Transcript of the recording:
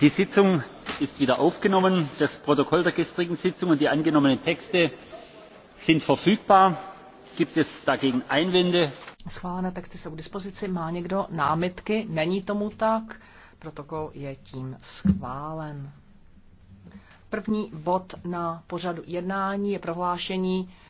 die sitzung ist wieder aufgenommen. das protokoll der gestrigen sitzung und die angenommenen texte sind verfügbar. gibt es dagegen einwände? schválené texty jsou k dispozici. má někdo námitky? není tomu tak. protokol je tím schválen. První bod na pořadu jednání je prohlášení